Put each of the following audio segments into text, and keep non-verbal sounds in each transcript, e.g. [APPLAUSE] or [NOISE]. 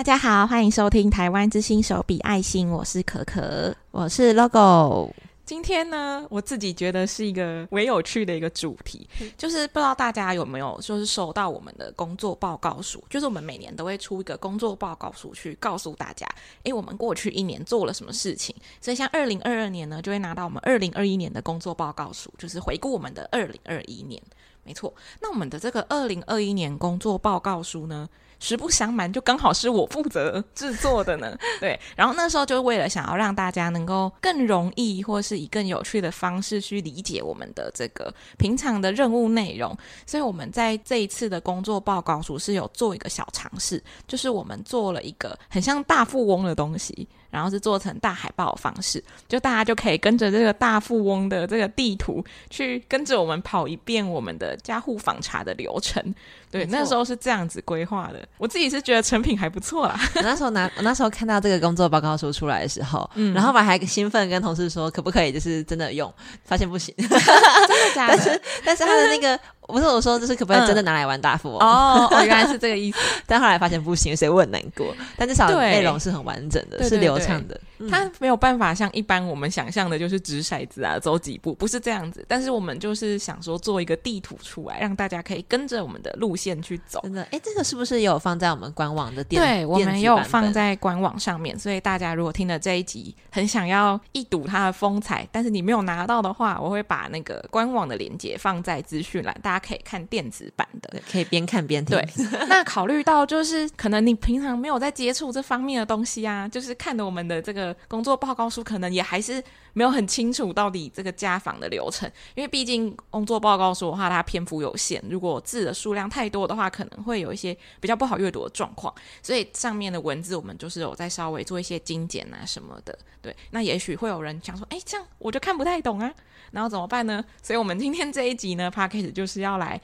大家好，歡迎收聽《台灣之心手筆愛心》，我是可可，我是 LOGO。今天呢，我自己覺得是一個微有趣的一個主題，是就是不知道大家有沒有就是收到我們的工作報告書，就是我們每年都會出一個工作報告書去告訴大家，哎，我們過去一年做了什麼事情。所以，像二零二二年呢，就會拿到我們二零二一年的工作報告書，就是回顧我們的二零二一年。沒錯，那我們的這個二零二一年工作報告書呢，實不相瞞，就剛好是我負責製作的呢。對，然後那時候就為了想要讓大家能夠更容易，或是以更有趣的方式去理解我們的這個平常的任務內容，所以我們在這一次的工作報告組是有做一個小嘗試，就是我們做了一個很像大富翁的東西。然後是做成大海報的方式，就大家就可以跟着這個大富翁的這個地圖去跟着我們跑一遍我們的家戶訪查的流程。對，沒錯。那時候是這樣子規劃的。我自己是覺得成品還不錯啦。我那時候拿，我那時候看到這個工作報告書出來的時候，嗯，然後我還興奮跟同事說可不可以就是真的用，發現不行。 [LAUGHS] [LAUGHS] 真的假的？但是他的那個。嗯不是我說，就是可不可以真的拿來玩大富翁？哦嗯哦哦？哦，原來是這個意思。 [LAUGHS] 但後來發現不行，所以我很難過。但至少內容是很完整的，對是流暢的。對對對嗯、它沒有辦法像一般我們想象的，就是擲骰子啊，走幾步，不是這樣子。但是我們就是想說做一個地圖出來，讓大家可以跟着我們的路線去走。真的，哎、欸，這個是不是也有放在我們官網的電？對，我們也有放在官網上面，所以大家如果聽了這一集，很想要一睹它的風采，但是你沒有拿到的話，我會把那個官網的連結放在資訊欄，大家可以看電子版的，可以邊看邊聽。對， [LAUGHS] 那考慮到就是可能你平常沒有在接觸這方面的東西啊，就是看的我們的這個。工作報告書可能也還是沒有很清楚到底這個家訪的流程，因為畢竟工作報告書的話，它篇幅有限，如果字的數量太多的話，可能會有一些比較不好閱讀的狀況，所以上面的文字我們就是有在稍微做一些精簡啊什麼的。對，那也許會有人想說，哎，這樣我就看不太懂啊，然後怎麼辦呢？所以我們今天這一集呢 Podcast 就是要來。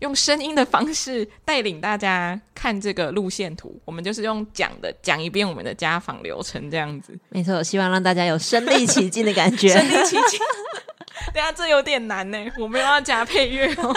用聲音的方式帶領大家看這個路線圖，我們就是用講的講一遍我們的家訪流程這樣子。沒錯，我希望讓大家有身臨其境的感覺。身臨其境， [LAUGHS] 等下這有點難呢，我沒有要加配樂哦。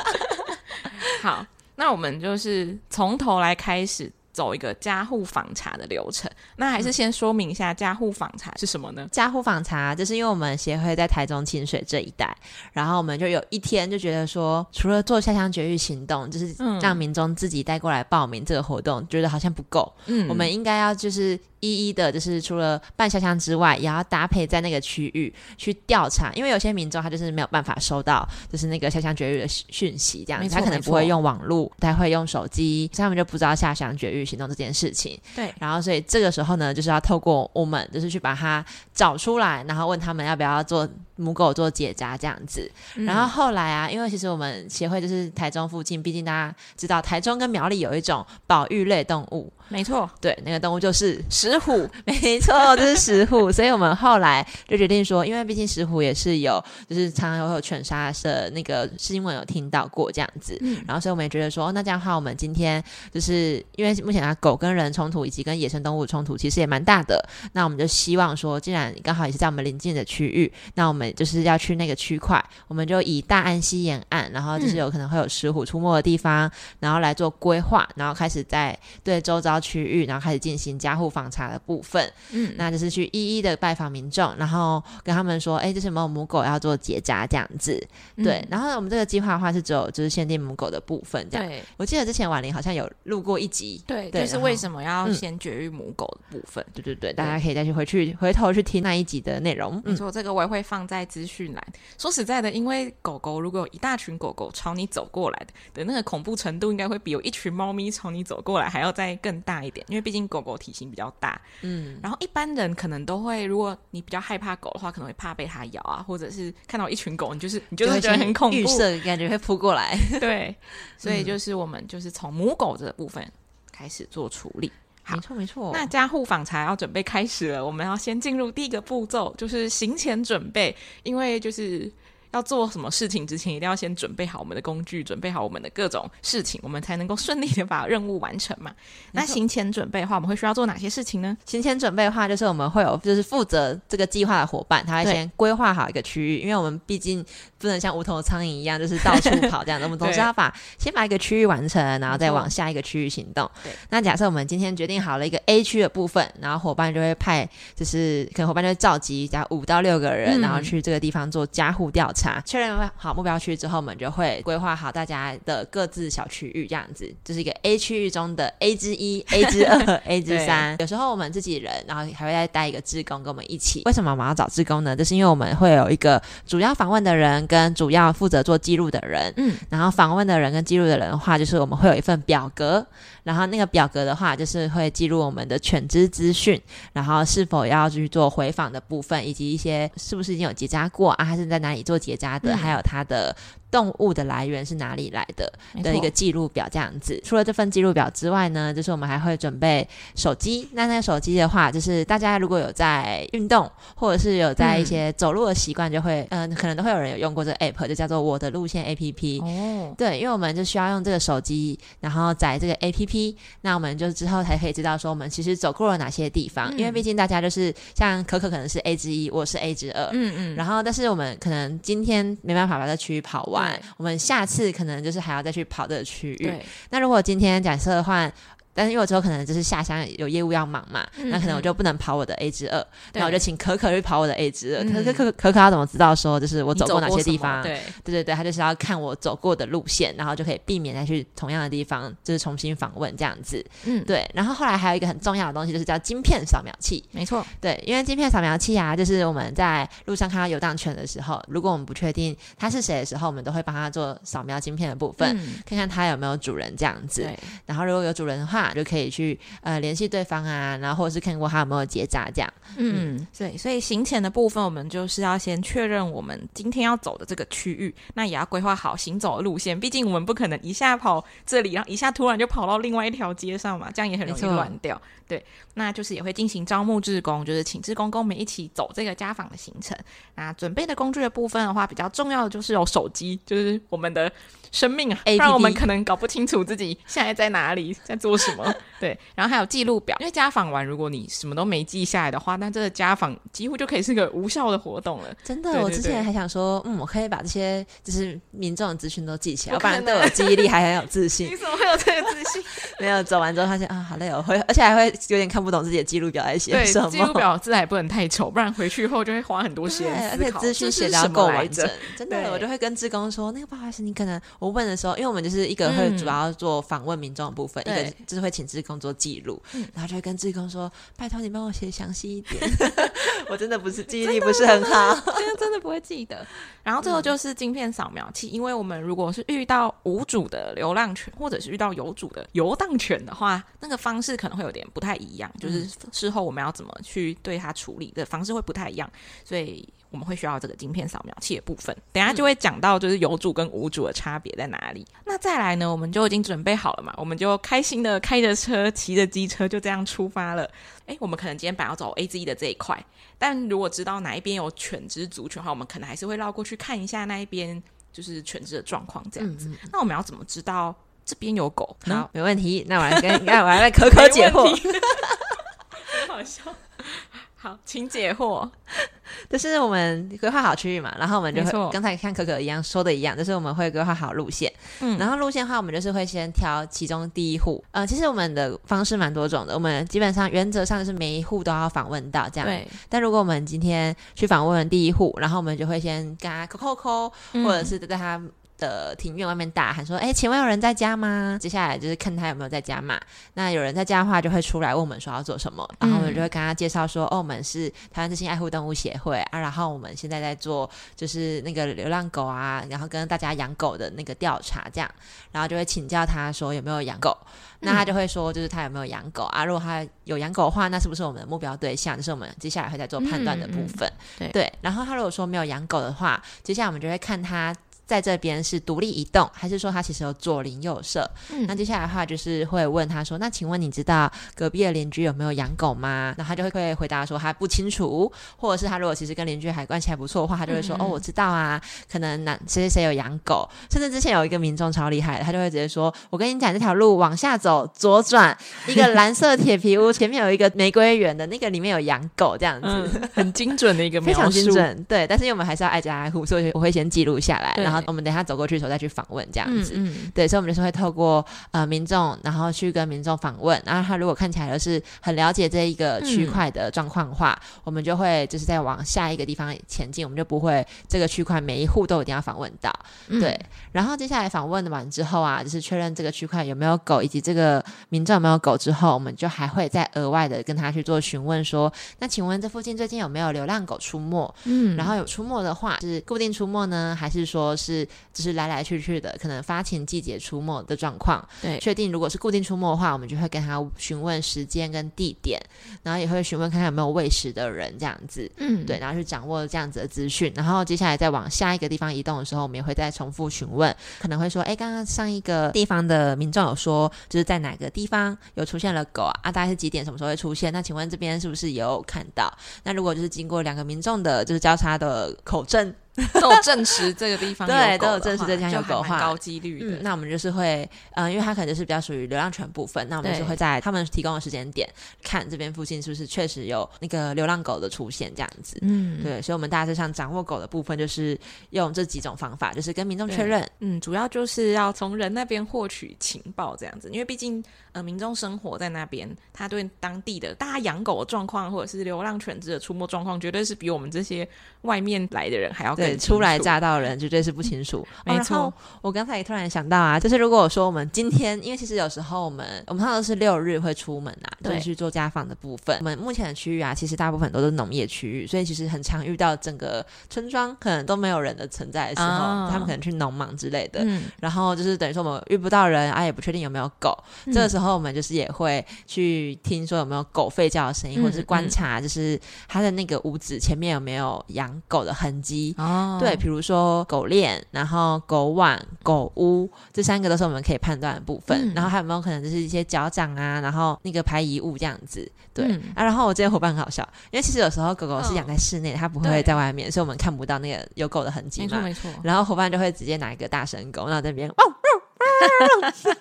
[LAUGHS] 好，那我們就是從頭來開始。走一個家戶訪查的流程，那還是先說明一下家戶訪查是什麼呢？嗯、家戶訪查就是因為我們協會在台中清水這一帶，然後我們就有一天就覺得說，除了做下鄉絕育行動，就是讓民眾自己帶過來報名這個活動，嗯、覺得好像不夠，嗯，我們應該要就是一一的，就是除了辦下鄉之外，也要搭配在那個區域去調查，因為有些民眾他就是沒有辦法收到，就是那個下鄉絕育的訊息，這樣子他可能不會用網絡，他會用手機，所以他們就不知道下鄉絕育，去行動這件事情，對，然後所以這個時候呢，就是要透過我們，就是去把它找出來，然後問他們要不要做。母狗做結紮，這樣子，然後後來啊，因為其實我們協會就是台中附近，畢竟大家知道台中跟苗栗有一種保育類動物，沒錯，對，那個動物就是石虎， [LAUGHS] 沒錯，就是石虎， [LAUGHS] 所以我們後來就決定說，因為畢竟石虎也是有，就是常常有有犬殺的，那個新聞有聽到過這樣子，嗯、然後所以我們也覺得說，哦、那這樣的話，我們今天就是因為目前啊，狗跟人衝突以及跟野生動物衝突其實也蠻大的，那我們就希望說，既然剛好也是在我們臨近的區域，那我們。就是要去那個區塊，我們就以大安溪沿岸，然後就是有可能會有石虎出沒的地方，嗯、然後來做規劃，然後開始在對周遭區域，然後開始進行家戶訪查的部分。嗯，那就是去一一的拜訪民眾，然後跟他們說，哎，這是某某母狗要做結扎這樣子。嗯、對，然後我們這個計劃的話是只有就是限定母狗的部分這樣。對，我記得之前婉玲好像有錄過一集，對，對就是為什麼要先絕育母狗的部分。嗯、對對對，大家可以再去回去對回頭去聽那一集的內容。嗯、你說這個我也會放在。在資訊來，說實在的，因為狗狗如果有一大群狗狗朝你走過來的，的那個恐怖程度應該會比有一群貓咪朝你走過來還要再更大一點，因為畢竟狗狗體型比較大。嗯，然後一般人可能都會，如果你比較害怕狗的話，可能會怕被它咬啊，或者是看到一群狗，你就是你就是會覺得很恐怖，預設的感覺會撲過來。 [LAUGHS] 對，所以就是我們就是從母狗這個部分開始做處理。好沒錯沒錯，那家戶訪才要準備開始了。我們要先進入第一個步驟，就是行前準備，因為就是。要做什麼事情之前，一定要先準備好我們的工具，準備好我們的各種事情，我們才能夠順利的把任務完成嘛。那行前準備的話，我們會需要做哪些事情呢？行前準備的話，就是我們會有就是負責這個計劃的夥伴，他會先規劃好一個區域，對因為我們畢竟不能像無頭蒼蠅一樣，就是到處跑這樣， [LAUGHS] 我們總是要把對先把一個區域完成，然後再往下一個區域行動。對對，那假設我們今天決定好了一個 A 區的部分，然後夥伴就會派，就是可能夥伴就會召集，假如五到六個人，嗯、然後去這個地方做家戶調查。確認好目標區之後，我們就會規劃好大家的各自小區域，這樣子就是一個 A 區域中的 A 之一、A 之二、 [LAUGHS] A 之三。啊，有時候我們自己人，然後還會再帶一個志工跟我們一起。為什麼我們要找志工呢？就是因為我們會有一個主要訪問的人跟主要負責做記錄的人。嗯，然後訪問的人跟記錄的人的話，就是我們會有一份表格，然後那個表格的話，就是會記錄我們的犬隻資訊，然後是否要去做回訪的部分，以及一些是不是已經有結紮過啊，還是在哪裡做結。疊加的，還有它的動物的來源是哪裡來的的一個記錄表這樣子。除了這份記錄表之外呢，就是我們還會準備手機。那那個手機的話，就是大家如果有在運動，或者是有在一些走路的習慣，就會嗯、呃，可能都會有人有用過這個 app，就叫做我的路線 app。哦，對，因為我們就需要用這個手機，然後載這個 app。那我們就之後才可以知道說，我們其實走過了哪些地方。因為畢竟大家就是像可可可能是 a 之一，我是 a 之二，嗯嗯。然後，但是我們可能今天今天沒辦法把這區域跑完，嗯、我們下次可能就是還要再去跑這個區域。對那如果今天假設的話。但是因為我之後可能就是下鄉有業務要忙嘛，嗯、哼那可能我就不能跑我的 A 之二，那對我就請可可去跑我的 A 之二。2, 可是可可、嗯、可可要怎麼知道說就是我走過哪些地方？對，對對對他就是要看我走過的路線，然後就可以避免再去同樣的地方，就是重新訪問這樣子。嗯，對。然後後來還有一個很重要的東西，就是叫晶片掃描器。沒錯，對，因為晶片掃描器啊，就是我們在路上看到遊蕩犬的時候，如果我們不確定它是誰的時候，我們都會幫他做掃描晶片的部分，嗯、看看它有沒有主人這樣子。對然後如果有主人的話。就可以去呃聯繫對方啊，然後或者是看過他有沒有結紮這樣。嗯，對、嗯，所以行前的部分，我們就是要先確認我們今天要走的這個區域，那也要規劃好行走的路線。畢竟我們不可能一下跑這裡，然後一下突然就跑到另外一條街上嘛，這樣也很容易亂掉。沒錯。對，那就是也會進行招募志工，就是請志工跟我們一起走這個家訪的行程。那準備的工具的部分的話，比較重要的就是有手機，就是我們的生命啊，不然我們可能搞不清楚自己現在在哪裡，在做什麼。 [LAUGHS] 什麼？ [LAUGHS] 對，然後還有記錄表，因為家訪完，如果你什麼都沒記下來的話，那這個家訪幾乎就可以是個無效的活動了。真的，對對對，我之前還想說，嗯，我可以把這些就是民眾的資訊都記起來。我不，要不然對我記憶力還很有自信， [LAUGHS] 你怎麼會有這個自信？ [LAUGHS] 沒有走完之後發現啊，好累，我會，而且還會有點看不懂自己的記錄表在寫什麼對。記錄表自然也不能太醜，不然回去後就會花很多時間，而且資訊寫得要夠完整。真的，對我就會跟志工說，那個不好意思，你可能我問的時候，因為我們就是一個會主要做訪問民眾的部分，嗯、一個就是。會請志工做記錄，然後就跟志工說：“拜托你幫我寫詳細一點。” [LAUGHS] 我真的不是記憶力不是很好。真的，真的真的不會記得。 [LAUGHS] 然後最後就是晶片掃描器，因為我們如果是遇到無主的流浪犬，或者是遇到有主的遊蕩犬的話，那個方式可能會有點不太一樣，就是事後我們要怎麼去對它處理的方式會不太一樣，所以我們會需要這個晶片掃描器的部分。等下就會講到就是有主跟無主的差別在哪裡。那再來呢，我們就已經準備好了嘛，我們就開心的開着車，騎着機車就這樣出發了。哎，我們可能今天本來要走 A、Z、E 的這一塊，但如果知道哪一邊有犬只族群的話，我們可能還是會繞過去看一下那一邊，就是犬只的狀況這樣子。嗯，那我們要怎麼知道這邊有狗？好，沒問題。那我來跟，那 [LAUGHS] 我來可可解惑。很問 [LAUGHS] 好笑。 [LAUGHS] 好，請解惑。 [LAUGHS] 就是我們規劃好區域嘛，然後我們就會剛錯才像可可一樣說的一樣，就是我們會規劃好路線。嗯，然後路線的話，我們就是會先挑其中第一戶。嗯、呃，其實我們的方式蠻多種的，我們基本上原則上是每一戶都要訪問到這樣。對，但如果我們今天去訪問第一戶，然後我們就會先跟他扣扣扣，或者是對他、嗯。的庭院外面大喊說：“哎、欸，請問有人在家嗎？”接下來就是看他有沒有在家嘛。那有人在家的話，就會出來問我們說要做什麼。嗯、然後我們就會跟他介紹說：“哦，我們是台灣之心愛護動物協會啊。”然後我們現在在做就是那個流浪狗啊，然後跟大家養狗的那個調查，這樣，然後就會請教他說有沒有養狗。那他就會說就是他有沒有養狗、嗯、啊？如果他有養狗的話，那是不是我們的目標對象？就是我們接下來會再做判斷的部分。嗯、對，對，然後他如果說沒有養狗的話，接下來我們就會看他。在這邊是獨立一棟，還是說他其實有左鄰右舍？嗯，那接下來的話就是會問他說：“那請問你知道隔壁的鄰居有沒有養狗嗎？”那他就會會回答說：“他不清楚。”或者是他如果其實跟鄰居還關係還不錯的話，他就會說：“嗯嗯哦，我知道啊，可能哪誰誰誰有養狗。”甚至之前有一個民眾超厲害的，他就會直接說：“我跟你講，這條路往下走，左轉一個藍色鐵皮屋 [LAUGHS] 前面有一個玫瑰園的那個裡面有養狗，這樣子、嗯、很精準的一個描述，非常精準，對。但是因為我們還是要挨家挨戶，所以我會先記錄下來，對然後。我們等一下走過去的時候再去訪問，這樣子、嗯，嗯、對，所以我們就是會透過呃民眾，然後去跟民眾訪問，然後他如果看起來就是很了解這一個區塊的狀況的話，嗯、我們就會就是再往下一個地方前進，我們就不會這個區塊每一戶都一定要訪問到，嗯、對。然後接下來訪問完之後啊，就是確認這個區塊有沒有狗，以及這個民眾有沒有狗之後，我們就還會再額外的跟他去做詢問，說，那請問這附近最近有沒有流浪狗出沒？嗯，然後有出沒的話，是固定出沒呢，還是說是？是，就是來來去去的，可能發情季節出沒的狀況。對，確定如果是固定出沒的話，我們就會跟他詢問時間跟地點，然後也會詢問看看有沒有餵食的人這樣子。嗯，對，然後去掌握這樣子的資訊，然後接下來再往下一個地方移動的時候，我們也會再重複詢問，可能會說，哎，剛剛上一個地方的民眾有說，就是在哪個地方有出現了狗啊？啊，大概是幾點？什麼時候會出現？那請問這邊是不是也有看到？那如果就是經過兩個民眾的，就是交叉的口證。都有 [LAUGHS] 證實這個地方 [LAUGHS] 對，都有證實這地方有狗的話，高幾率的，嗯。那我們就是會，嗯，呃，因為它可能就是比較屬於流浪犬部分，那我們就是會在他們提供的時間點，看這邊附近是不是確實有那個流浪狗的出現，這樣子。嗯，對，所以，我們大致上掌握狗的部分，就是用這幾種方法，就是跟民眾確認。嗯，主要就是要從人那邊獲取情報，這樣子，因為畢竟，呃，民眾生活在那邊，他對當地的大家養狗的狀況，或者是流浪犬只的出沒狀況，絕對是比我們這些外面來的人還要。對，初來乍到的人絕對是不清楚。嗯、沒錯，哦、我剛才也突然想到啊，就是如果我說我們今天，因為其實有時候我們我們都是六日會出門啊，就是去做家訪的部分。對我們目前的區域啊，其實大部分都是農業區域，所以其實很常遇到整個村莊可能都沒有人的存在的時候，哦、他們可能去農忙之類的。嗯、然後就是等於說我們遇不到人啊，也不確定有沒有狗。嗯、這個時候我們就是也會去聽說有沒有狗吠叫的聲音，嗯、或者是觀察就是他的那個屋子前面有沒有養狗的痕跡。哦哦、對，比如說狗鏈，然後狗碗、狗屋，這三個都是我們可以判斷的部分。嗯、然後還有沒有可能就是一些腳掌啊，然後那個排遺物這樣子。對、嗯、啊，然後我這些伙伴很好笑，因為其實有時候狗狗是養在室內，哦、它不會在外面，對所以我們看不到那個有狗的痕迹嘛。沒錯，沒錯，然後伙伴就會直接拿一個大神狗，然後在那邊哦哦哦，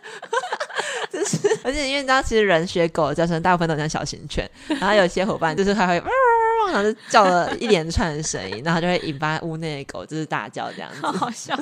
就 [LAUGHS] 是，而且因為你知道，其實人學狗的叫聲大部分都很像小型犬，然後有些伙伴就是他會。 [LAUGHS] 他是叫了一連串的聲音，然後就會引發屋內的狗就是大叫這樣子，好，好笑。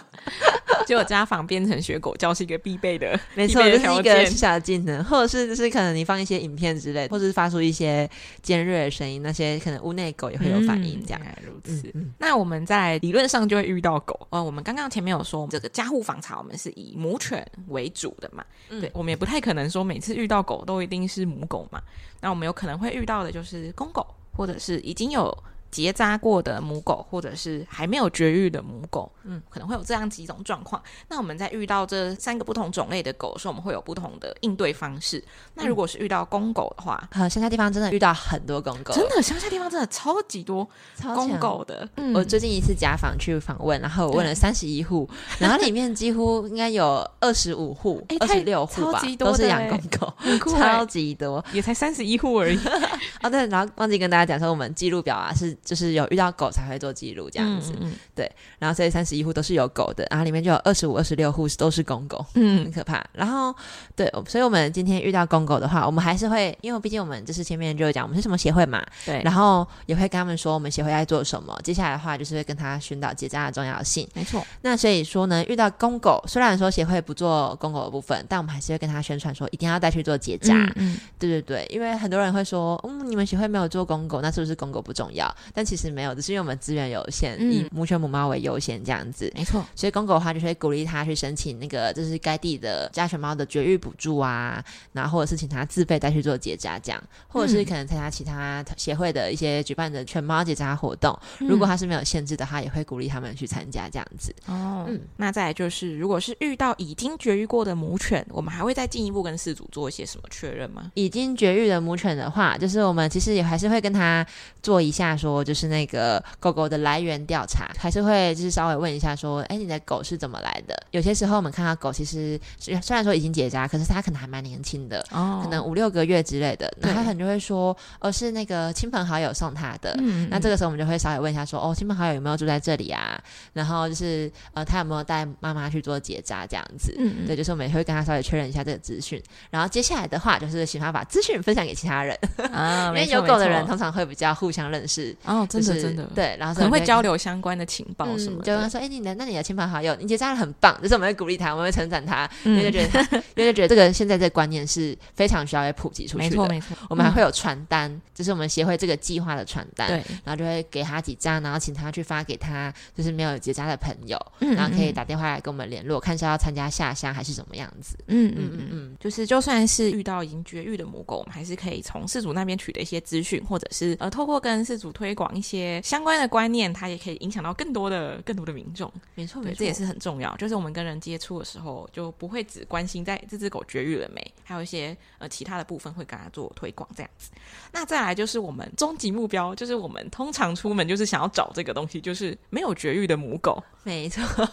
結果家訪變成學狗叫是一個必備的，沒錯錯，這是一個小小的技能。或者是就是可能你放一些影片之類，或者是發出一些尖銳的聲音，那些可能屋內狗也會有反應，嗯、這樣如此。嗯嗯、那我們在理論上就會遇到狗哦、呃。我們剛剛前面有說，這個家戶訪查，我們是以母犬為主的嘛，嗯、對，我們也不太可能說每次遇到狗都一定是母狗嘛。嗯、那我們有可能會遇到的就是公狗。或者是已經有。結紮過的母狗，或者是還沒有絕育的母狗，嗯，可能會有這樣幾種狀況。那我們在遇到這三個不同種類的狗時，所以我們會有不同的應對方式。嗯、那如果是遇到公狗的話，呃、嗯，鄉下地方真的遇到很多公狗，真的鄉下地方真的超級多公狗的。嗯、我最近一次家訪去訪問，然後我問了三十一戶，對然後裡面幾乎應該有二十五戶、二十六戶吧，欸、都是養公狗，對超級多，也才三十一戶而已。啊、 [LAUGHS] 哦，對，然後忘記跟大家講說，我們記錄表啊是。就是有遇到狗才會做記錄這樣子，嗯嗯、對。然後所以三十一戶都是有狗的，然後裡面就有二十五、二十六戶是都是公狗，嗯，很可怕。嗯、然後對，所以我們今天遇到公狗的話，我們還是會，因為畢竟我們就是前面就講我們是什麼協會嘛，對。然後也會跟他們說我們協會在做什麼。接下來的話就是會跟他宣導結紮的重要性，沒錯。那所以說呢，遇到公狗，雖然說協會不做公狗的部分，但我們還是會跟他宣傳說一定要帶去做結紮，嗯。嗯，對對對，因為很多人會說，嗯，你們協會沒有做公狗，那是不是公狗不重要？但其實沒有，只是因為我們資源有限，嗯、以母犬母貓為優先這樣子，沒錯。所以公狗的話，就會鼓勵他去申請那個，就是該地的家犬貓的絕育補助啊，然後或者是請他自費再去做結扎這樣，嗯、或者是可能參加其他協會的一些舉辦的犬貓結扎活動。嗯、如果他是沒有限制的話，也會鼓勵他們去參加這樣子。哦，嗯，那再來就是，如果是遇到已經絕育過的母犬，我們還會再進一步跟飼主做一些什麼確認嗎？已經絕育的母犬的話，就是我們其實也還是會跟他做一下說。就是那個狗狗的來源調查，還是會就是稍微問一下說，哎、欸，你的狗是怎麼來的？有些時候我們看到狗其實雖然說已經結扎，可是它可能還蠻年輕的，哦、可能五六個月之類的，那他可能就會說，對哦，是那個親朋好友送他的。嗯嗯那這個時候我們就會稍微問一下說，哦，親朋好友有沒有住在這裡啊？然後就是呃，他有沒有帶媽媽去做結扎這樣子？嗯嗯對，就是我們也會跟他稍微確認一下這個資訊。然後接下來的話就是喜歡把資訊分享給其他人， [LAUGHS] 因為有狗的人通常會比較互相認識。哦，真的真的對，然後可能會交流相關的情報什麼，就跟他說：“哎，你的，那你的親朋好友，你結扎的很棒。”就是我們會鼓勵他，我們會稱讚他，因為覺得因為覺得這個現在這觀念是非常需要被普及出去的，沒錯沒錯。我們還會有傳單，就是我們協會這個計劃的傳單，對，然後就會給他幾張，然後請他去發給他就是沒有結扎的朋友，然後可以打電話來跟我們聯絡，看是要參加下鄉還是怎麼樣子。嗯嗯嗯嗯，就是就算是遇到已經絕育的母狗，我們還是可以從事主那邊取得一些資訊，或者是呃，透過跟事主推。廣一些相關的觀念，它也可以影響到更多的，更多的民眾。沒錯，沒錯，這也是很重要。就是我們跟人接觸的時候，就不會只關心在這只狗絕育了沒，還有一些呃其他的部分會跟它做推廣這樣子。那再來就是我們終極目標，就是我們通常出門就是想要找這個東西，就是沒有絕育的母狗。沒錯，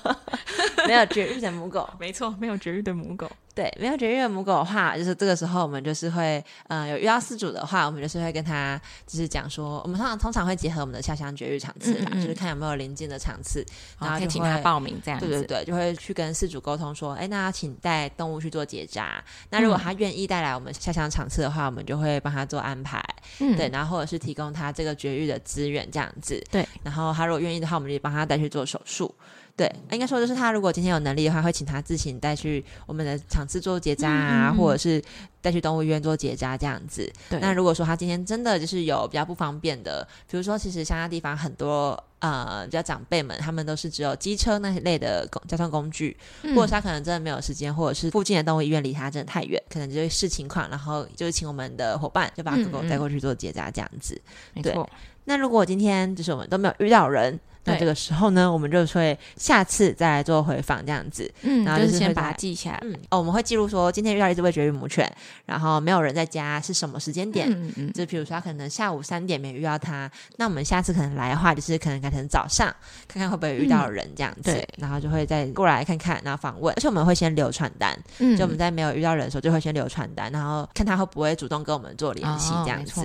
沒有絕育的母狗。 [LAUGHS] 沒錯，沒有絕育的母狗。對，沒有絕育的母狗的話，就是這個時候我們就是會，嗯、呃，有遇到飼主的話，我們就是會跟他就是講說，我們通常通常會結合我們的下鄉絕育場次，嗯嗯，就是看有沒有臨近的場次，嗯嗯，然後就可以請他報名這樣子。對對對，就會去跟飼主溝通說，哎，那要請帶動物去做結紮。嗯、那如果他願意帶來我們下鄉場次的話，我們就會幫他做安排。嗯、對，然後或者是提供他這個絕育的資源這樣子。對，然後他如果願意的話，我們就幫他帶去做手術。對，應該說就是他如果今天有能力的話，會請他自行帶去我們的場次做結扎，啊，嗯嗯，或者是帶去動物醫院做結扎這樣子。對。那如果說他今天真的就是有比較不方便的，比如說其實鄉下地方很多呃比較長輩們，他們都是只有機車那些類的交通工具，嗯、或者是他可能真的沒有時間，或者是附近的動物醫院離他真的太遠，可能就會視情況，然後就是請我們的伙伴就把狗狗帶過去做結扎這樣子。嗯嗯，對，沒錯。那如果今天就是我們都沒有遇到人。那這個時候呢，我們就會下次再來做回訪這樣子，嗯，然後就是先把它記下來，嗯，哦，我們會記錄說今天遇到一隻未絕育母犬，然後沒有人在家，是什麼時間點？嗯嗯，就比如說他可能下午三點沒遇到他，那我們下次可能來的話，就是可能改成早上，看看會不會遇到人這樣子，對，然後就會再過來看看，然後訪問，而且我們會先留傳單，嗯，就我們在沒有遇到人的時候，就會先留傳單，然後看他會不會主動跟我們做聯繫這樣子，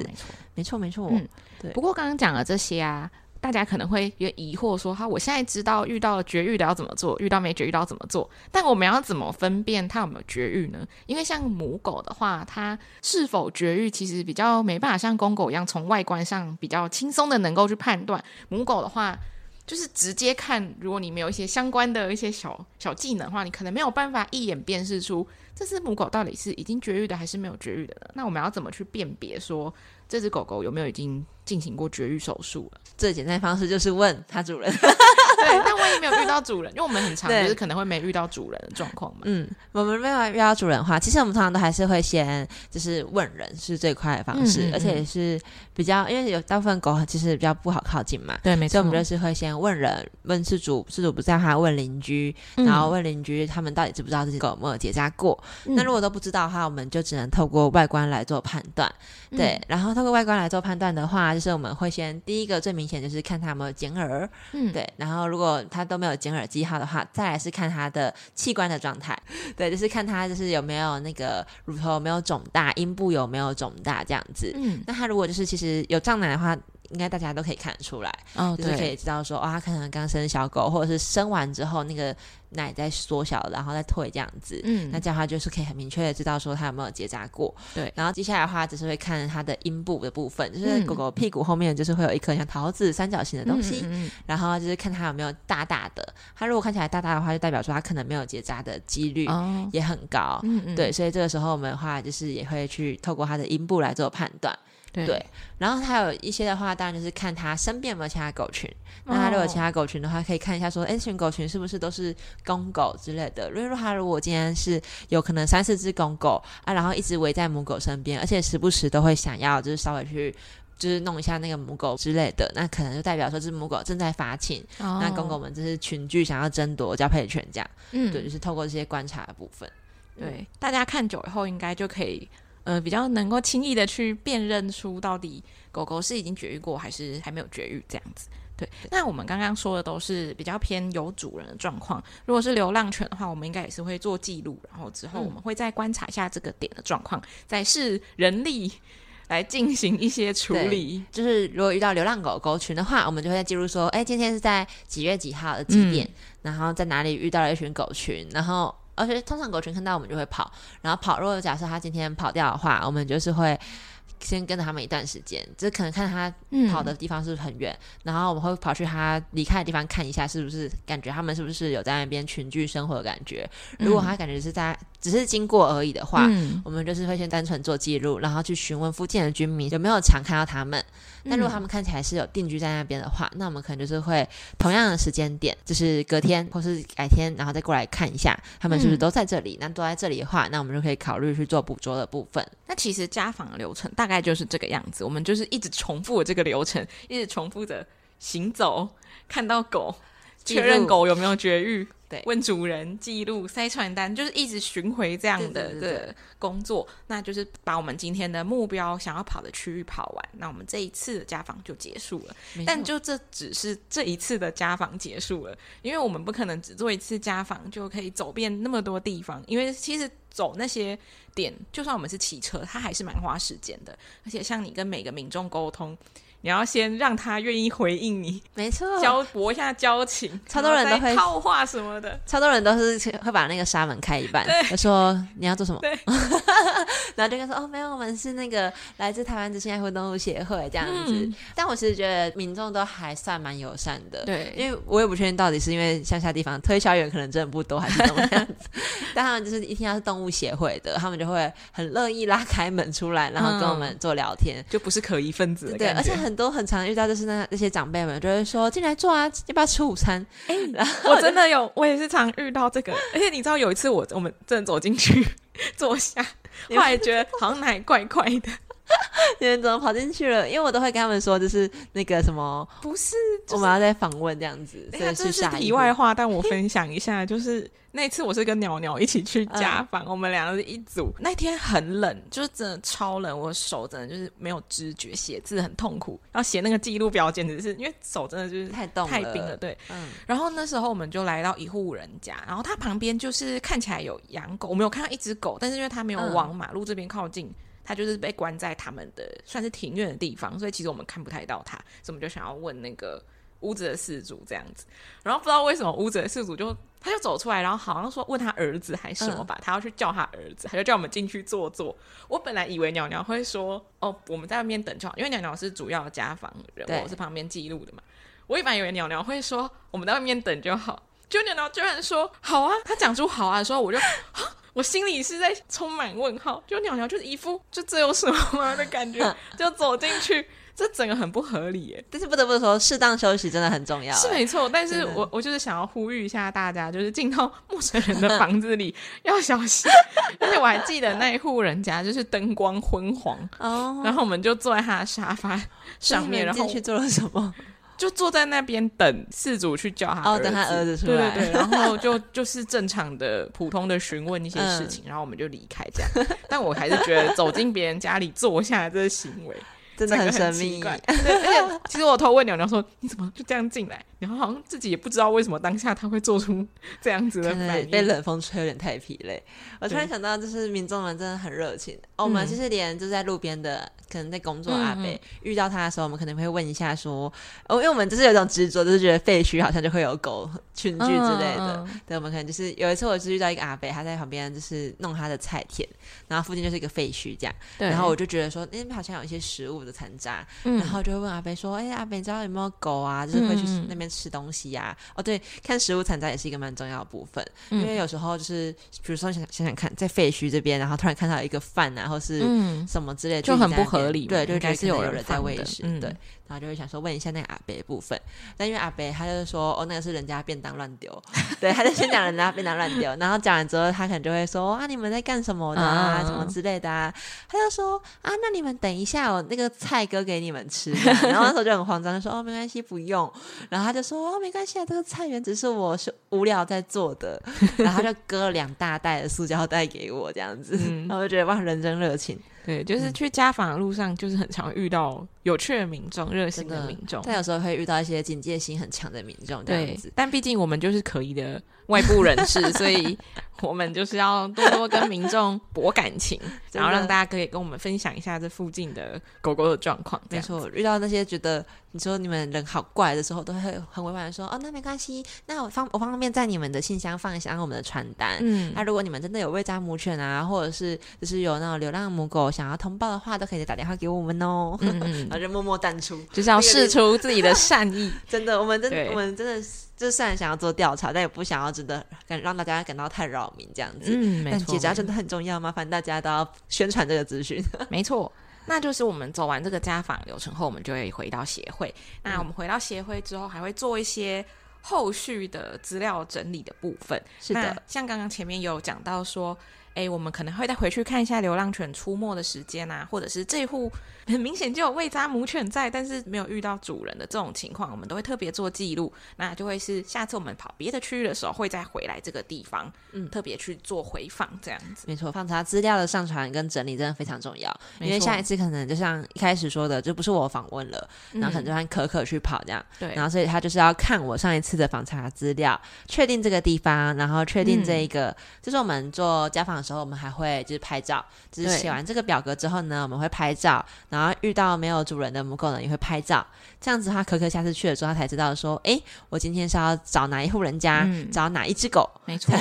沒錯沒錯，對。不過剛剛講了這些啊。大家可能會有疑惑說，說哈，我現在知道遇到了絕育的要怎麼做，遇到沒絕育的要怎麼做，但我們要怎麼分辨，它有沒有絕育呢？因為像母狗的話，它是否絕育其實比較沒辦法像公狗一樣從外觀上比較輕鬆的能夠去判斷。母狗的話，就是直接看，如果你沒有一些相關的一些小小技能的話，你可能沒有辦法一眼辨識出這隻母狗到底是已經絕育的還是沒有絕育的。那我們要怎麼去辨別說，這隻狗狗有沒有已經？進行過絕育手術了。最簡單的方式就是問他主人， [LAUGHS] 對。但萬一沒有遇到主人，因為我們很常對，就是可能會沒遇到主人的狀況嘛。嗯，我們沒有遇到主人的話，其實我們通常、常都還是會先就是問人，是最快的方式，嗯嗯、而且也是比較，因為有大部分狗其實比較不好靠近嘛。對，沒錯。所以我們就是會先問人，問飼主，飼主不知道的話問鄰居，嗯、然後問鄰居他們到底知不知道這隻狗有沒有結扎過。嗯、那如果都不知道的話，我們就只能透過外觀來做判斷。對，嗯、然後透過外觀來做判斷的話。是，我們會先第一個最明顯就是看他有沒有剪耳，嗯，對，然後如果他都沒有剪耳記號的話，再來是看他的器官的狀態，對，就是看他就是有沒有那個乳頭有沒有腫大，陰部有沒有腫大這樣子，嗯，那他如果就是其實有脹奶的話。應該大家都可以看得出來，哦、就是可以知道說，哦，它可能剛生小狗，或者是生完之後那個奶在縮小，然後再退這樣子。嗯，那這樣的話就是可以很明確的知道說它有沒有結紮過。對，然後接下來的話就是會看它的陰部的部分，就是狗狗屁股後面就是會有一顆像桃子三角形的東西，嗯嗯嗯嗯，然後就是看它有沒有大大的。它如果看起來大大的話，就代表說它可能沒有結紮的幾率也很高。哦、嗯嗯對，所以這個時候我們的話就是也會去透過它的陰部來做判斷。對，對然後還有一些的話，當然就是看他身邊有沒有其他狗群。哦、那他如果有其他狗群的話，可以看一下說誒，這群狗群是不是都是公狗之類的？因為如果他如果今天是有可能三四隻公狗啊，然後一直圍在母狗身邊，而且時不時都會想要就是稍微去就是弄一下那個母狗之類的，那可能就代表說這母狗正在發情，哦、那公狗們就是群聚想要爭奪交配權這樣。嗯，對，就是透過這些觀察的部分，對，對大家看久以後，應該就可以。呃，比較能夠輕易的去辨認出到底狗狗是已經絕育過還是還沒有絕育這樣子。對，對那我們剛剛說的都是比較偏有主人的狀況。如果是流浪犬的話，我們應該也是會做記錄，然後之後我們會再觀察一下這個點的狀況，嗯、再視人力來進行一些處理。就是如果遇到流浪狗狗群的話，我們就會記錄說，哎、欸，今天是在幾月幾號的幾點，嗯、然後在哪裡遇到了一群狗群，然後。而且通常狗群看到我們就會跑，然後跑。如果假設它今天跑掉的話，我們就是會先跟着他們一段時間，就是可能看它跑的地方是不是很遠，嗯，然後我們會跑去它離開的地方看一下，是不是感覺它們是不是有在那邊群居生活的感覺。如果它感覺是在。只是經過而已的話，嗯、我們就是會先單純做記錄，然後去詢問附近的居民有沒有常看到他們。那如果他們看起來是有定居在那邊的話，嗯、那我們可能就是會同樣的時間點，就是隔天或是改天，嗯、然後再過來看一下他們是不是都在這裡。嗯、那都在這裡的話，那我們就可以考慮去做捕捉的部分。那其實家訪的流程大概就是這個樣子，我們就是一直重複這個流程，一直重複着行走，看到狗，如確認狗有沒有絕育。對，問主人、記錄、塞傳單，就是一直巡迴這樣的的工作，對對對對，那就是把我們今天的目標想要跑的區域跑完，那我們這一次的家訪就結束了。沒錯。但就這只是這一次的家訪結束了，因為我們不可能只做一次家訪就可以走遍那麼多地方，因為其實走那些點，就算我們是騎車，它還是蠻花時間的，而且像你跟每個民眾溝通，你要先讓他願意回應你，沒錯錯，交博一下交情。超多人都會套話什麼的，超多人都是會把那個紗門開一半，他對說你要做什麼，對 [LAUGHS] 然後就跟說哦，沒有，我們是那個來自台灣之心愛護動物協會這樣子。嗯、但我其實覺得民眾都還算蠻友善的，對，因為我也不確定到底是因為鄉下地方推銷員可能真的不多，還是怎麼樣子。 [LAUGHS] 但他們就是一聽到是動物協會的，他們就會很樂意拉開門出來，然後跟我們做聊天，嗯、就不是可疑分子的，對，而且很。都很，很常遇到，就是那那些長輩們就會說進來坐啊，要不要吃午餐？哎、欸，我，我真的有，我也是常遇到這個。 [LAUGHS] 而且你知道有一次我，我我們正走進去坐下，我也是覺得好像哪裡怪怪的。 [LAUGHS] [LAUGHS] 你們怎麼跑進去了？因為我都會跟他們說，就是那個什麼，不是、就是、我們要再訪問這樣子。所以是題外話，但我分享一下， [LAUGHS] 就是那次我是跟鳥鳥一起去家訪，嗯、我們兩個是一組。那天很冷，就是真的超冷，我手真的就是沒有知覺，寫字很痛苦。然後寫那個記錄表，簡直是因為手真的就是太凍太冰了。對，嗯。然後那時候我們就來到一戶人家，然後他旁邊就是看起來有養狗，我們有看到一隻狗，但是因為他沒有往馬路這邊靠近。嗯他就是被關在他們的算是庭院的地方，所以其實我們看不太到他，所以我們就想要問那個屋子的事主這樣子。然後不知道為什麼屋子的事主就他就走出來，然後好像說問他兒子還是什麼吧，嗯、他要去叫他兒子，他就叫我們進去坐坐。我本來以為鳥鳥會說哦，我們在外面等就好，因為鳥鳥是主要的家訪人，對我是旁邊記錄的嘛。我一般以為鳥鳥會說我們在外面等就好，就鳥鳥居然說好啊，他講出好啊的時候，我就 [LAUGHS] 我心裡是在充滿問號，就鳥鳥就是一副就這有什麼的感覺，就走進去，這整個很不合理耶。 [LAUGHS] 但是不得不說，適當休息真的很重要，是沒錯。但是我我就是想要呼籲一下大家，就是進到陌生人的房子裡 [LAUGHS] 要小心。而且我還記得那一戶人家就是燈光昏黃， [LAUGHS] 然後我們就坐在他的沙發上面，然後進去做了什麼？ [LAUGHS] 就坐在那邊等事主去叫他兒子，哦，等他兒子出來。對對對，然後就就是正常的、 [LAUGHS] 普通的詢問一些事情，然後我們就離開。這樣，嗯、 [LAUGHS] 但我還是覺得走進別人家裡坐下來這個行為。真的很神秘。對 [LAUGHS] 其實我偷問你，然後說你怎麼就這樣進來？然後好像自己也不知道為什麼當下他會做出這樣子的反應。被冷風吹有點太疲累。對我突然想到，就是民眾們真的很熱情。嗯、我們其實連就在路邊的，可能在工作阿伯，嗯、哼遇到他的時候，我們可能會問一下說，哦、嗯哼，因為我們就是有一種執着，就是覺得廢墟好像就會有狗群聚之類的。嗯、對，我們可能就是有一次，我是遇到一個阿伯，他在旁邊就是弄他的菜田，然後附近就是一個廢墟這樣。對然後我就覺得說，邊、欸、好像有一些食物的。殘渣，嗯、然後就會問阿飛說：“哎、欸、呀，阿飛，你知道有沒有狗啊？就是會去那邊吃東西呀、啊？”哦、嗯，oh, 對，看食物殘渣也是一個蠻重要的部分，嗯、因為有時候就是，比如說想想想看，在廢墟這邊，然後突然看到一個飯、啊，然後是什麼之類的，就很不合理，對，就應該是有人在餵食，嗯、對。然後就會想說問一下那個阿伯的部分，但因為阿伯他就是說，哦，那個是人家便當亂丟，對，他就先講人家便當亂丟， [LAUGHS] 然後講完之後他可能就會說啊，你們在幹什麼呢啊？啊什麼之類的、啊，他就說，啊，那你們等一下哦，那個菜割給你們吃，然後那時候就很慌張，的說，哦，沒關係不用，然後他就說，哦，沒關係啊，這個菜園只是我是無聊在做的，然後他就割了兩大袋的塑膠袋給我這樣子，嗯、然後我就覺得哇，人真熱情，對，就是去家訪的路上就是很常遇到。有趣的民眾，熱心的民眾，他有時候會遇到一些警戒心很強的民眾這樣子，但畢竟我們就是可疑的外部人士， [LAUGHS] 所以我們就是要多多跟民眾博感情，的然後讓大家可以跟我們分享一下這附近的狗狗的狀況。沒錯，遇到那些覺得你說你們人好怪的時候，都會很委婉的說哦，那沒關係，那我方我方便在你們的信箱放一下我們的傳單。嗯，那、啊、如果你們真的有未紮母犬啊，或者是就是有那種流浪母狗想要通報的話，都可以打電話給我們哦。嗯嗯。啊，就默默淡出，就是要釋出自己的善意。 [LAUGHS] [LAUGHS] 真的，我們真對我們真的就算想要做調查，但也不想要真的感讓大家感到太擾民這樣子。嗯，沒錯，但解真的很重要，麻煩大家都要宣傳這個資訊， [LAUGHS] 沒錯錯。那就是我們走完這個家訪流程後，我們就會回到協會。那我們回到協會之後，還會做一些後續的資料整理的部分。是的，像剛剛前面有講到說。哎、欸，我們可能會再回去看一下流浪犬出沒的時間吶、啊，或者是這戶很明顯就有未扎母犬在，但是沒有遇到主人的這種情況，我們都會特別做記錄。那就會是下次我們跑別的區域的時候，會再回來這個地方，嗯，特別去做回訪，這樣子。沒錯，訪查資料的上傳跟整理真的非常重要，沒錯。因為下一次可能就像一開始說的，就不是我訪問了，嗯、然後可能就讓可可去跑這樣，對，然後所以他就是要看我上一次的訪查資料，確定這個地方，然後確定這一個，嗯、就是我們做家訪時候我們還會就是拍照，就是寫完這個表格之後呢，我們會拍照，對然後遇到沒有主人的母狗呢也會拍照。這樣子的話，可可下次去了之後，他才知道說，哎，我今天是要找哪一戶人家，嗯、找哪一隻狗，沒錯。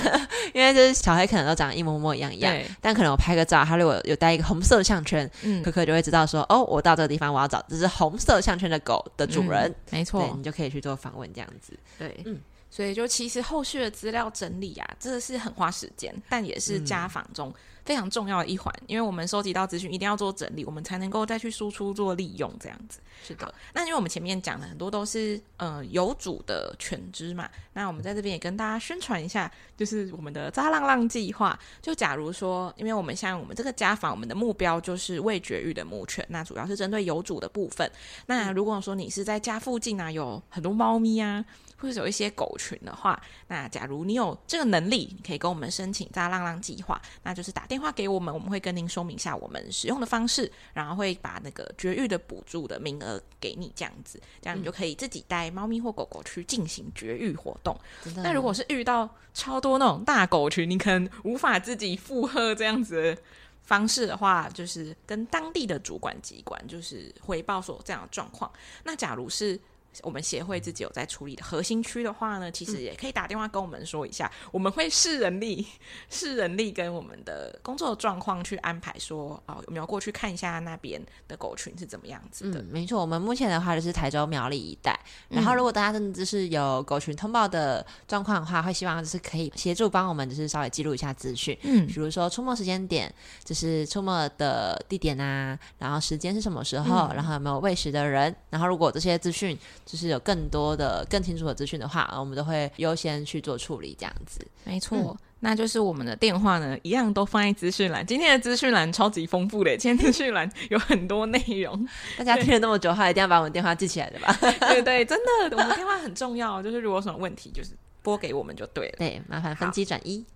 因為就是小黑可能都長得一模、模模一樣一樣，對但可能我拍個照，他如果有、有帶一個紅色的項圈，嗯、可可就會知道說，哦，我到這個地方，我要找這隻紅色項圈的狗的主人，嗯、沒錯，你就可以去做訪問，這樣子，對，嗯。所以就其實後續的資料整理啊，真的是很花時間，但也是家訪中。嗯非常重要的一環，因為我們收集到資訊一定要做整理，我們才能夠再去輸出做利用，這樣子。是的，好那因為我們前面講的很多都是呃有主的犬隻嘛，那我們在這邊也跟大家宣傳一下，就是我們的渣浪浪計劃。就假如說，因為我們像我們這個家訪，我們的目標就是未絕育的母犬，那主要是針對有主的部分。那如果說你是在家附近啊，有很多貓咪啊，或者有一些狗群的話，那假如你有這個能力，你可以跟我們申請渣浪浪計劃，那就是打電。話給我們，我們會跟您說明一下我們使用的方式，然後會把那個絕育的補助的名額給你，這樣子，這樣你就可以自己帶貓咪或狗狗去進行絕育活動。嗯、那如果是遇到超多那種大狗群，你可能無法自己負荷這樣子的方式的話，就是跟當地的主管機關就是回報說這樣的狀況。那假如是。我們協會自己有在處理的核心區的話呢，其實也可以打電話跟我們說一下，嗯、我們會視人力、視人力跟我們的工作狀況去安排說，說哦，我們要過去看一下那邊的狗群是怎麼樣子的。嗯、沒錯，我們目前的話就是台中苗栗一帶，然後如果大家真的就是有狗群通報的狀況的話，嗯、會希望就是可以協助幫我們，就是稍微記錄一下資訊，嗯，比如說出沒時間點，就是出沒的地點啊，然後時間是什麼時候，嗯、然後有沒有餵食的人，然後如果這些資訊。就是有更多的更清楚的資訊的話，我們都會優先去做處理，這樣子。沒錯錯，嗯、那就是我們的電話呢，一樣都放在資訊欄。今天的資訊欄超級豐富的，今天資訊欄有很多內容，大家聽了那麼久，的話對一定要把我們電話記起來的吧？對對，真的，我們電話很重要， [LAUGHS] 就是如果有什麼問題，就是。撥給我們就對了。對，麻煩分機轉一。好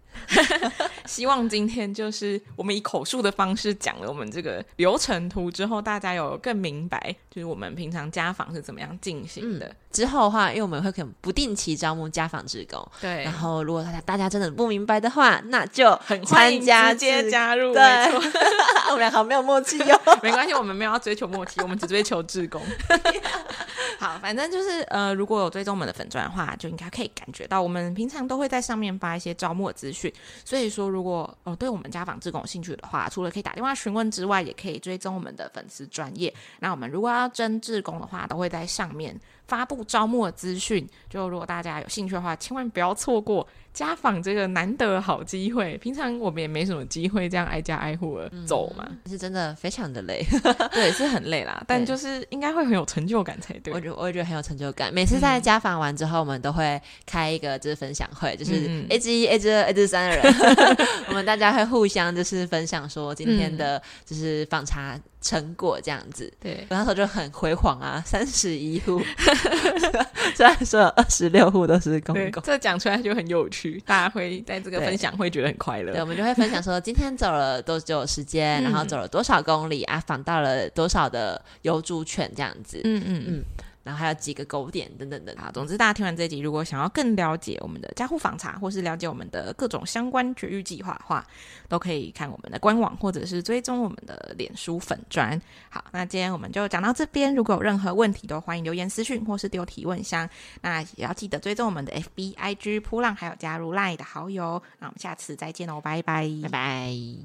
[LAUGHS] 希望今天就是我們以口述的方式講了我們這個流程圖之後，大家有更明白，就是我們平常家訪是怎麼樣進行的，嗯。之後的話，因為我們會可能不定期招募家訪志工。對。然後，如果大家真的不明白的話，那就很歡迎直接加入。對，錯 [LAUGHS] 我們倆好沒有默契喲，哦。 [LAUGHS] 沒關係，我們沒有要追求默契， [LAUGHS] 我們只追求志工。 [LAUGHS] 好，反正就是呃，如果有追蹤我們的粉專的話，就應該可以感覺到，我們平常都會在上面發一些招募的資訊。所以說，如果哦、呃、對我們家訪志工有興趣的話，除了可以打電話詢問之外，也可以追蹤我們的粉絲專業。那我們如果要徵志工的話，都會在上面。發布招募的資訊，就如果大家有興趣的話，千萬不要錯過家訪這個難得的好機會。平常我們也沒什麼機會這樣挨家挨戶的走嘛，嗯、是真的非常的累， [LAUGHS] 對，是很累啦。 [LAUGHS] 但就是應該會很有成就感才對。我覺得我也覺得很有成就感。每次在家訪完之後，嗯、我們都會開一個就是分享會，嗯、就是 A 一、A 二、A 三的人， [LAUGHS] [LAUGHS] 我們大家會互相就是分享說今天的就是訪查。嗯成果這樣子，對，然後他說就很輝煌啊，三十一戶， [LAUGHS] [LAUGHS] 雖然說二十六戶都是公狗，這講出來就很有趣，大家會在這個分享會覺得很快樂。對，對，我們就會分享說 [LAUGHS] 今天走了多久時間，嗯、然後走了多少公里啊，訪到了多少的游豬犬這樣子。嗯嗯嗯。嗯嗯然後還有幾個勾點等，等等等，好，總之大家聽完這集，如果想要更了解我們的家戶訪查，或是了解我們的各種相關絕育計劃的話，都可以看我們的官網，或者是追蹤我們的臉書粉專。好，那今天我們就講到這邊，如果有任何問題，都歡迎留言私訊或是丟提問箱。那也要記得追蹤我們的 FBIG 噗浪，還有加入 line 的好友。那我們下次再見哦，拜拜，拜拜。